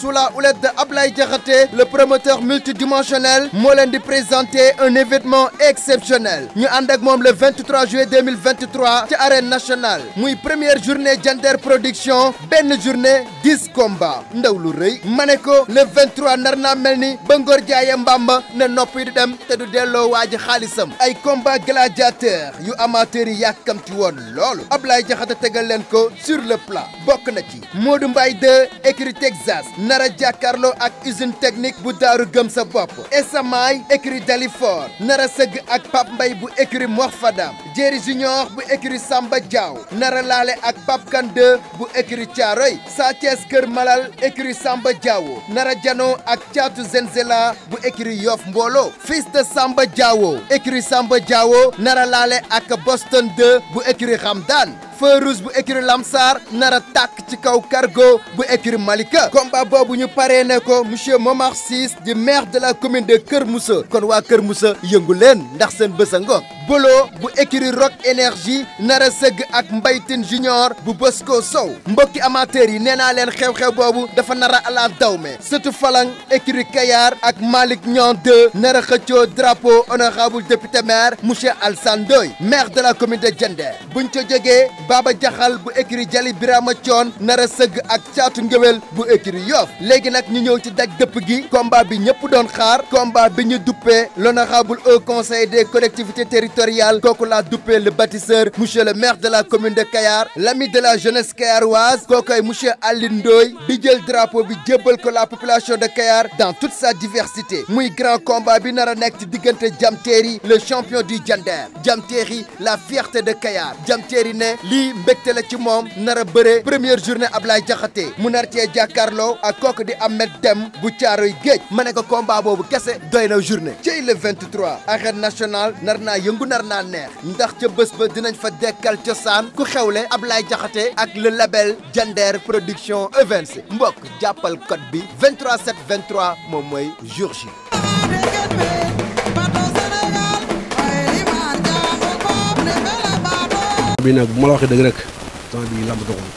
sous la de le promoteur multidimensionnel a présenté un événement exceptionnel Nous le 23 juillet 2023 à l'arène nationale première journée gender production Une journée 10 combats le 23 Narna Melni, Bangor Mbamba dem combat gladiateur yu amateur. comme sur le plat Bok na ci 2, Texas nar a jàkkaarloo ak usine technique bu daaru gëm sa bopp esamaay écurie Dalifor nar sëgg ak Pape mbay bu écurie Mox Fadam Jéeri bu écurie Samba Diaw nar laale ak Pape Kande bu écurie Thiaroy Sa Thiès Kër Malal écurie Samba Diawo nar a janoo ak Caatu Zenzela bu écurie Yoff Mbolo fils de Samba Diawo écurie Samba Diawo nar laale ak Boston 2 bu écurie Ramdan feu rouge bu écurie Lamsar nara tak ci kaw cargo bu écurie Malika combat bobu ñu paree ne ko monsieur Momar Ciss du maire de la commune de Kër Moussa kon wa Kër Moussa yëngu ndax sen beusango Bolo bu écurie Rock Énergie nara seug sëgg ak Mbaytin Junior bu Bosco Sow mbokki amateur yi néna len xew-xew bobu dafa nara ala dawme surtout Falang écurie Kayar ak Malik Niang 2 nara xëccio drapeau honorable député maire monsieur Al Sandoy, maire de la commune de Diender buñ Baba Jaxal bu écrit Jali Birama Thion nara a ak Ngewel bu écrit Yoff légui nak ñu ñëw ci daj depp gi combat bi ñëpp doon xaar combat bi ñu l'honorable conseiller Conseil des collectivités territoriales kooku la duppee le bâtisseur monsieur le maire de la commune de Kayar l'ami de la jeunesse kayaroise kokay monsieur Ali Ndoy bi jël drapeau bi ko la population de Kayar dans toute sa diversité muy grand combat bi nara a nekk ci Terry le champion du gender... Jam Terry la fierté de Kayar Jam Terry ne lii mbégte la ci mom nara première journée Ablaye Diakhaté mu nar ci jakarlo ak kooku di Ahmed dem bu Caaroy geej mané ko combat bobu kessé doy journée ci le 23 arène nationale N'arna yungu n'arna ner. neex ndax ci beus ba dinañ fa dekkal cosaan ku xewlé Ablaye Diakhaté ak le label Gender Production Events mbok jappal code bi 23 7 23 moom mooy jour jour bi bu ma waxee dëgg rek bi lamb doxul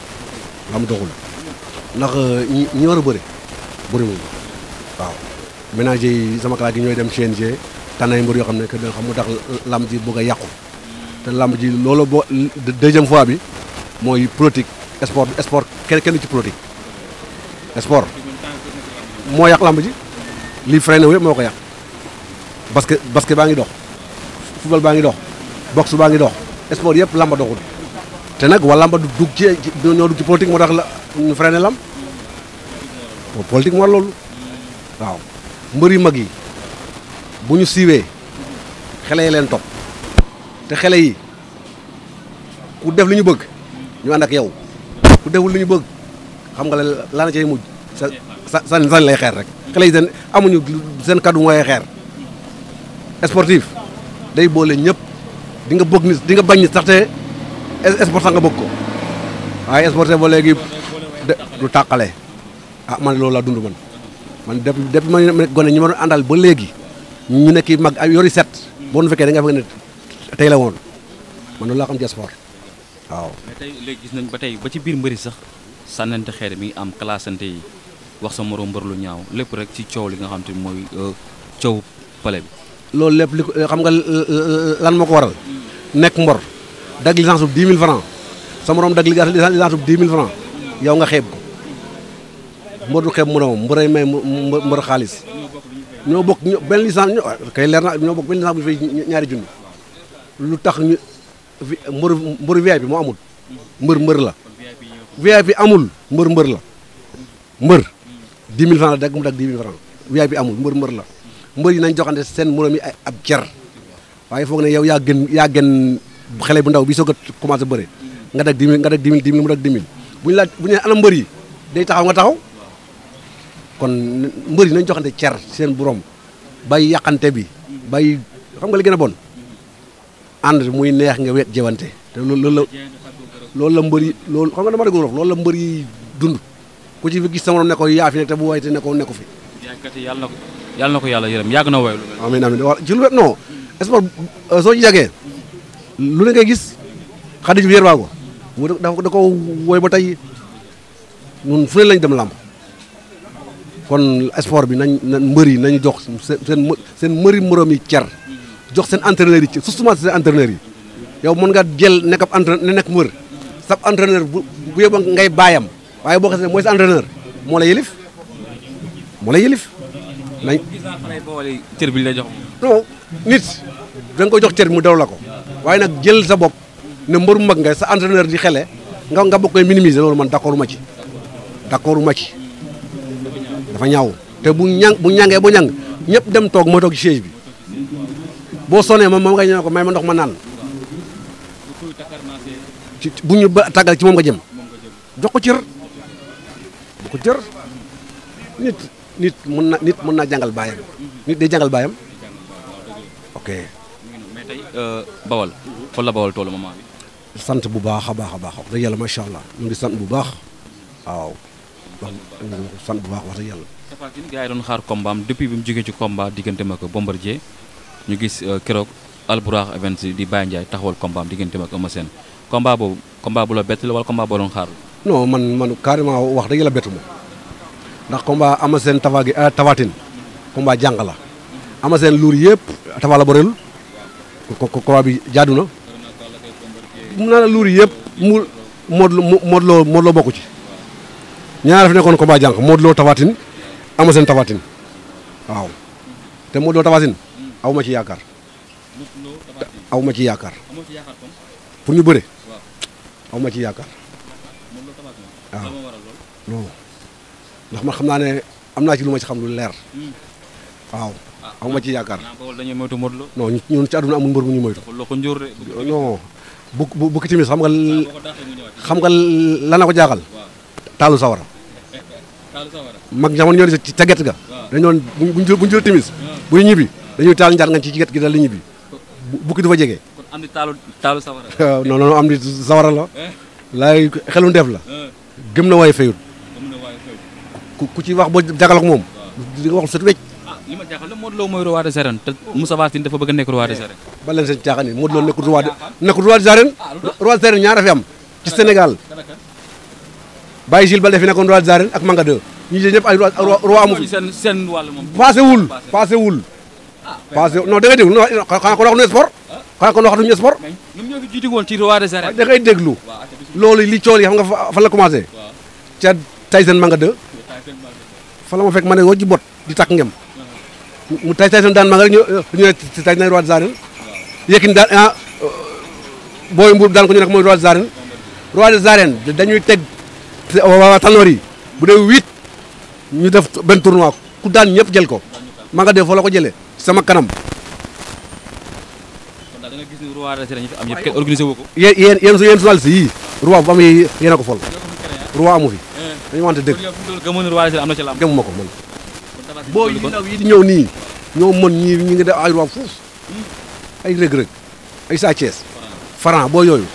lamb doxul ndax euh, ñi ñi war a bëri bëriwul sama kalaat yi ñooy dem CNG tànnay mbër yoo xam ne que xam mu tax lamb ji bëgg yàqu te lamb ji loolu boo deuxième fois bi mooy politique sport sport kenn kenn ci politique sport moo yàq lamb ji lii freiné wu yëpp moo ko yàq basket baa ngi dox football baa ngi dox boxe baa ngi dox espoir yëpp lamba doxul té nak waa lamba du dug ci ñoo dugg ci politique mo tax la ñu freiné lam politique mo loolu waaw mbeuri yu mag yi bu ñu siiwee xele yi leen top té xele yi ku def li ñu bëgg ñu and ak yow ku deful li ñu bëgg xam nga la na cay mujj sa san lay xeer rek xele yi den amuñu sen cadeau moy xeer sportif day bolé ñëpp di nga bëgg nit di nga bañ nit sax te sport sax nga bëgg ko waaye sporté ba léegi du tàqale ah man loolu laa dund man man depuis depuis ma ne gone ñu ma doon ba léegi ñu nekk mag ay yori set boo nu fekkee da nga fekk ne tey la woon man loolu laa xam ci sport waaw. mais tey léegi gis nañ ba tey ba ci biir mbëri sax sànnante xeer mi am classante yi wax sa morom mbër lu ñaaw lépp rek ci coow li nga xam te mooy euh, coow bi. loolu lépp li euh, xam nga euh, euh, lan moo ko waral nekk mbor dag licence bu 10 000 francs sa morom dag licence bu 10 000 francs yow nga xeeb ko mbor du xeeb moroomam mbëray may mbër xaalis ñoo bu fay ñaari junni tax ñu mbër mbër VIP moo amul mbër la VIP amul mbër mbër la mbër 10 000 francs la dag mu dag 10 000 francs VIP amul mbër mbër la mbër yi nañ joxante seen moroom yi ay ab jar waaye foog na yow yaa gën yaa xale bu ndaw bi soog a commencé bëre nga dag 10 000 nga dag 10 000 10 000 mu dag 10 bu ñu laaj bu nee ana mbari yi day taxaw nga taxaw kon mbër yi nañ joxante cer seen borom bay yàqante bi bay xam nga li gën a bon ànd muy neex nga wet jëwante te loolu la loolu la mbër yi loolu xam nga dama dégg loolu la mbari dund ku ci fi gis sama morom ne ko yaa fi nekk te ne ko fi yàggati yàlla na ko yàlla na ko yàlla yërëm yàgg na woy lu mel. noo amiin soo ci lu ne ngay gis xaddi bi yërmaa ko mu dafa da ko woy ba tey ñun fu ne lañ dem làmb kon sport bi nañ mbër yi nañu jox seen seen mbëri moroom yi cer jox seen entraîneur yi cer surtout seen entraîneur yi yow mën nga jël nekk ab entraîneur nekk mbër sab entraîneur bu bu ngay baayam waaye boo xam mooy sa entraîneur moo la yëlif mo lay yelif lañ ter bi lay jox non nit da ko jox ter mu daw la ko waaye nag jël sa bop ne mbëru mag nga sa entraîneur di xele nga nga bokk minimiser lolou man d'accord ma ci d'accord ma ci dafa ñaaw te bu ñang bu ñangé bu ñang ñep dem tok mo tok ci siège bi bo soné mom mom nga ñëw ko may ma ndox ma nan bu ñu tagal ci mom nga jëm jox ko cër ko cër nit nit mën na nit mën na jangal bayam nit day jangal bayam ok mais euh bawal fan la bawal toolu maman bi sant bu baakha baakha baax a baax wax dëgg allah mu ngi sant bu baax waaw sante bu baax wax yalla yàlla Tapha Tine gars doon xaar combat depuis bimu mu ci combat digënté mako Bombardier ñu gis euh, keroog Alburax event di Baye ndjay taxawal combat digënté mako ma sen combat boobu combat bu la wala combat bo doon xaar non man man carrément wax dëgg yàlla bettu ndax komba Ama Sène Tapha Gueye euh, Tapha Tine combat la Ama Sène luur yëpp Tapha la bëreel na mun naa la luur yëpp mu Modou Lo Modou Lo Modou Lo bokku ci ñaar fi nekkoon combat jàng Modou Lo loo Tine Ama Sène Tapha Tine waaw te Modou Lo Tapha Tine aw ma ci yaakaar aw ma ci yaakaar pour ñu bëre aw ma ci yaakaar waaw ndax ma xamna naa ne am ci luma ci xam lu leer waaw ah, amuma ci yakar ah, non ñun ci aduna amul mbër bu ñu moytu non bu bu timis xam nga xam nga lana ko jaxal talu sawara mag jamon ñoo ci tagget ga dañ doon buñ jël buñ jël timis bu ñibi dañu tal njaat nga ci tagget gi dal li ñibbi bukki du fa jégué am di talu talu sawara non non am di sawara la eh? lay xelun def la eh. gëm na way fayut ku ci wax boo jagal ak moom. li nga wax sut wecc. ah li ma jaaxal la Modou Lo mooy roi des arènes te Moussa Wassine dafa bëgg a nekk roi des arènes. ba leen seen caaxaan yi Modou Lo nekkul roi de ah, nekkul roi des arènes. Ah, roi des arènes ñaar fi am. ci Sénégal. Baye Gilles Balde fi nekkoon roi des arènes ak Manga 2. ñi ci ñëpp ay roi roi ah, amu fi seen seen wàll moom. passé wul passé wul. passé non da ngay déglu non xanaa kon waxatuñu sport. xanaa kon waxatuñu sport. ñoom ñoo fi jiitu woon ci roi des arènes. da ngay déglu. loolu li coono yi xam nga fan la commencé. ca Tyson Manga 2 fala mo fek mané ma ne bot di tak ngem mu tay tay dan ma nga ñu ñu tay na roi zarin yekin daan ah, boy mbur daan ko ñu nak moy roi zarin roi zarin dañuy tegg wa tanori bu de huit ñu def ben tournoi ku daan ñep jël ko ma nga def fa la ko jëlé sama kanam da nga gis ni roi da ci am ñep organisé woko yeen yeen yeen journaliste si roi bu am yeen ko fol ah. roi amu fi dañu wante dëgg gëm ma ko man boo yi ñëw nii ñoo mën ñi ñi ngi def ay roi fuuf ay rëg-rëg ay Sa Thiès Franc boo yooyu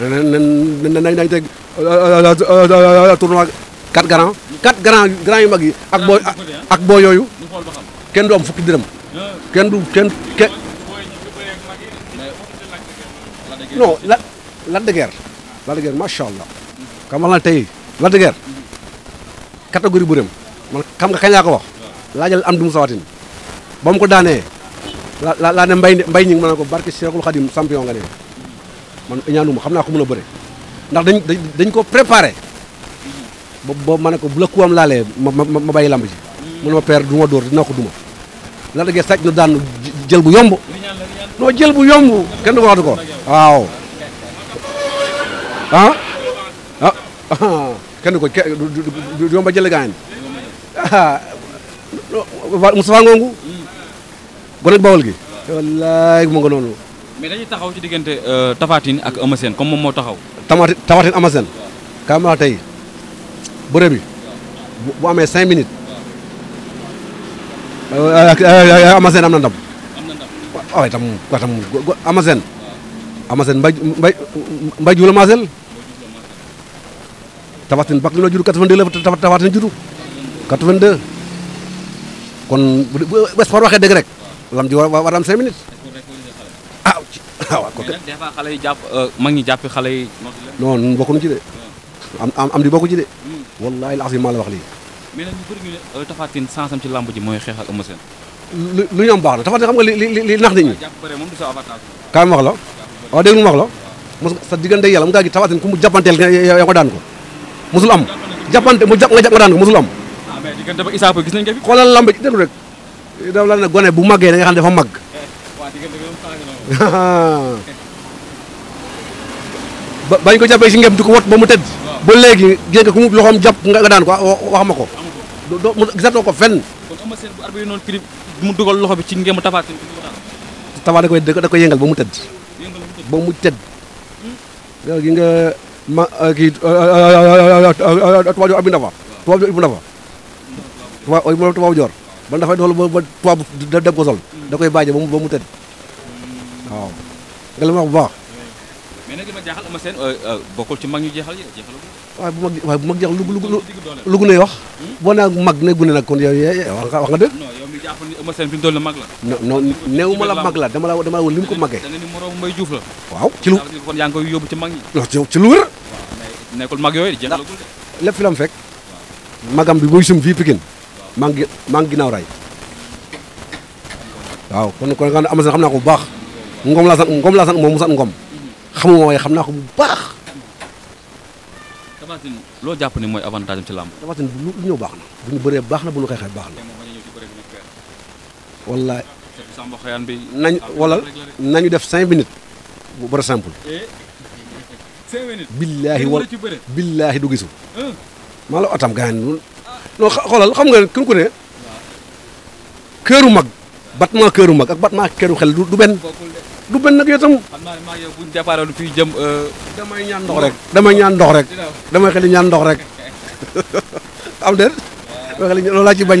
nañ nañ teg euh, euh, tournoi quatre grands quatre grands grands yu mag yi ak boo ak boo yooyu kenn du am fukki dërëm ah. kenn du kenn kenn non la la de la de guerre allah xam nga tey Lac de Guiers bu rëm man xam nga kañ laa ko wax laajal am du mu sawatin ba mu ko daanee la laa ne mbay mbay ñi ma ne ko barke Cheikhul Khadim champion nga ne man ñaanuma xam naa ko mën a bëre ndax dañ dañ ko préparé ba ba ma ne ko bu la kuwam laalee ma ma ma bàyyi lamb ji mu ne ma père du ma dóor na ko duma Lac de Guiers sàcc na daan jël bu yomb non jël bu yomb kenn du ko wax du waaw ah, ah? kenn ko du yomba jële gaañ ah Moustapha Ngongu gone bawol gi wallaay mu nga noonu mais dañuy taxaw ci diggante euh, Tapha Tine ak Eumeu Sène comme moom moo taxaw Tapha Tine Eumeu Sène kaa ma tey bëre bi bu amee cinq minutes euh, euh, Eumeu Sène am na ndam waaw itam tam Eumeu Sène Eumeu Sène mbay mbay mbay juula maasel tafatin bak loo judd 82 la tafatin judd 82 kon bu bu espoir waxee dëgg rek lam ji war war am 5 minutes. ah, ah waaw kon. yi jàpp euh, mag ñi jàppe xale yi. non ñun bokkuñu ci de. Hmm. am am am di bokku ci de. Hmm. wallaahi laas yi maa wax lii. mais nag ñu bëri ñu ne euh, tafatin mooy xeex ak Eumeu Sène. lu lu ñu am baax la tafatin xam nga li li li nax nañu. kaay ma wax la. waaw dégg nga ma wax la. mos sa diggante yàlla mu ngaa gi tafatin ku mu jàppanteel yaa ko daan ko. musul am jappante mu japp nga japp nga daan musul am ah mais digënté ba isa fa gis mag bañ ko jappé ci ngëm diko wat ba mu tedd ba légui gënga ku mu loxom japp nga daan ko wax mako do gisato ko fenn kon ama bu arbi non trip mu duggal loxo bi ci ngem tafaati tafaati da koy da ko yëngal ba mu tedd ba mu tedd yow gi nga ma kii tubaab bi Nafa. tubaab bi Ibou Nafa. tubaab tubaab joor. man dafay doxal ba ba tubaab dem ko sol. da koy bàjjee ba mu ba mu tëdd waaw. nga la ma wax bu baax. mais nag li ma jaaxal Eumeu Sène bokkul ci mag ñu jeexal jeexal waaye bu mag waaye bu mag jeexal lu lu lu lu gune wax. boo naa mag ne gune nag kon yow wax nga dëgg. jàpp ni Eumeu Sène fi mag la. non non néew ma la mag la dama la dama li mu ko magee. da nga ni waaw ci lu kon yaa ngi koy yóbbu ci mag ci lu wér. nekkul mag yooyu jënd la lépp fi la mu fekk. magam bi muy sum fii Pikine. maa ngi maa ngi ginnaaw raay. waaw kon kon nga am na xam naa ko bu baax. Ngom laa sant Ngom laa sant moom mu sant Ngom. Mhm. xamuma waaye xam naa ko bu baax. Tapha Tine loo jàpp ne mooy avantage am ci làmb. Tapha Tine bu lu ñëw baax na bu ñu bëree baax na bu ñu xeexee baax na. wallaay nañ wala nañu def cinq minutes par exemple eh? billaahi wal billaahi du gisu maa la otam gaañ non xoolal xam nga kun ku ne këru mag battement këru mag ak battement këru xel du benn du benn nag yow tam xam naa ne maa yow jëm. Euh, damay ñaan ndox rek damay ñaan ndox rek damay xel ñaan ndox rek am déet damay xel loolu laa ci bañ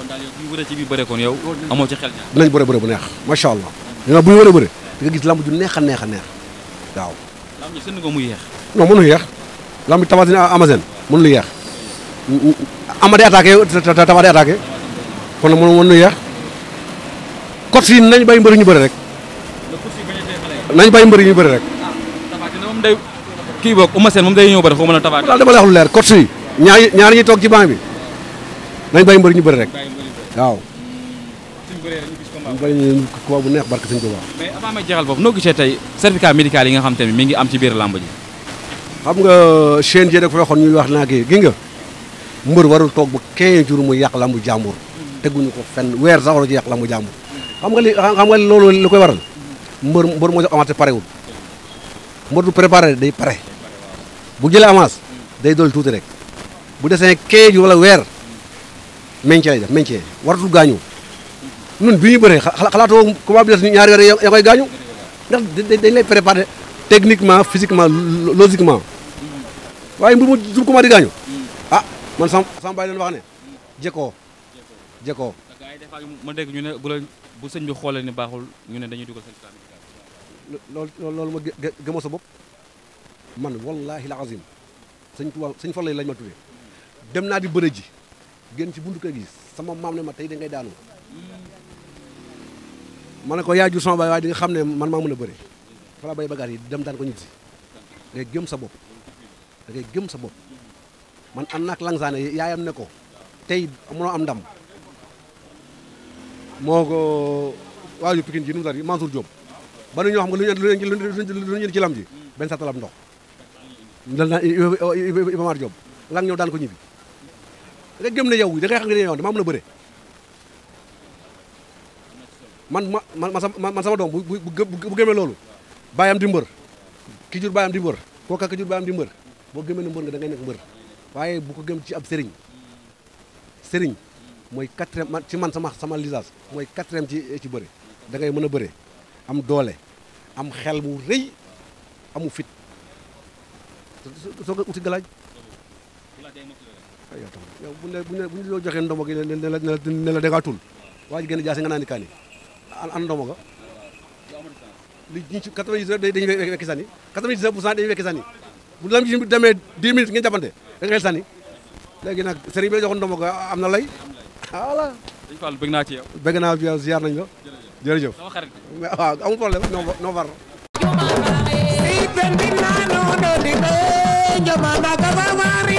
kon daal yow bu ñu bëre kon yow ci xel ñaar. dinañ bëre bu neex macha allah. bu ñu wëree bëre gis lamb ju neex neex a neex waaw. ko mu yeex. non mënu yeex lamb tabatin amazène mënu yeex amade attaqué tabade attaqué kon nag mënu mënu nañ bay mbëri ñu bëre rek. nañ bay mbëri ñu bëre rek. Ah, kii boog Eumeu Sène moom day ñëw bëri xaw ma la tabaat. dama lay lu leer cote yi ñaar ñaar ñi toog ci banc bi nañ bàyyi mbër ñu bëri rek waaw bëri bu neex barke sëñ Tuubaa mais avant may jeexal foofu tey certificat médical yi nga xam te ne mi ngi am ci biir lamba ji xam nga euh, CNG dafa waxoon ñuy wax naa kii gi nga mbër warul toog ba mu yàq làmb jàmbur teguñu ko fen weer sax waru ci yàq làmb jàmbur xam nga li xam nga loolu li koy waral mbër mbër moo jox avance parewul mbër du préparé day pare bu jëlee avance day dool tuuti rek bu desee 15 jours wala weer maintien lay def maintien waratul gaañu nun bi ñu bëree xalaatoo combat bi des ñaari weer ya koy gaañu ndax dañ lay préparer techniquement physiquement logiquement waaye mbir mu jub combat di gaañu ah man sama sama baay leen wax ne jëkkoo jëkkoo ma dégg ñu ne bu la bu sëñ bi xoolee ni baaxul ñu ne dañuy dugal seen loolu loolu ma sa bopp man wallahi la azim sëñ sëñ Fallu lañ ma tuddee dem naa di bëre ji génn ci buntu kër gi sama maam ne ma tey da ngay daanu ma ne ko yaa jur sama baay waaye di nga xam ne man maa mën a bëre fala bay bagaar yi dem daan ko ñibbi si ngay sa bopp da ngay sa bopp man am naak langsaane yaayam ne ko tey mënoo am ndam moo ko waaju Pikine ji nu mu tari Mansour Diop ba nu ñoo xam nga lu ñu ci lam ndox Iba Mar Diop lang ñëw daan ko ñibbi da gem na yow da nga xam ne yow dama am la man ma man sama dom bu bu bu gëmee loolu di mbeur ki jur bayam di mbër kooka ki jur bayam di mbeur bo gëmee na mbeur nga da ngay nek mbeur waaye bu ko gëm ci ab sëriñ sëriñ mooy quatrième man ci man sama sama lisage 4e ci ci bëre da ngay mën a am doole am xel mu reuy amu fit so ko uti galaj yow tam yow bu ne bu ñu joxee ndomo gi ne la ne la dangaa tul waa ji gën a jaase nga naan kaani an ndomo ga li ñu ci 90 dañuy wekki sànni 90 pour cent dañuy wekki sànni bu lam ji demee 10 minutes ngeen jàppante rek xel sànni léegi nag sëriñ bi la joxoon ndomo ga am na lay voilà dañ fàll bëgg naa ci yow bëgg naa ci yow ziar nañ la jërëjëf sama xarit waaw amul problème no war si ben bi na no do di be joma ba ka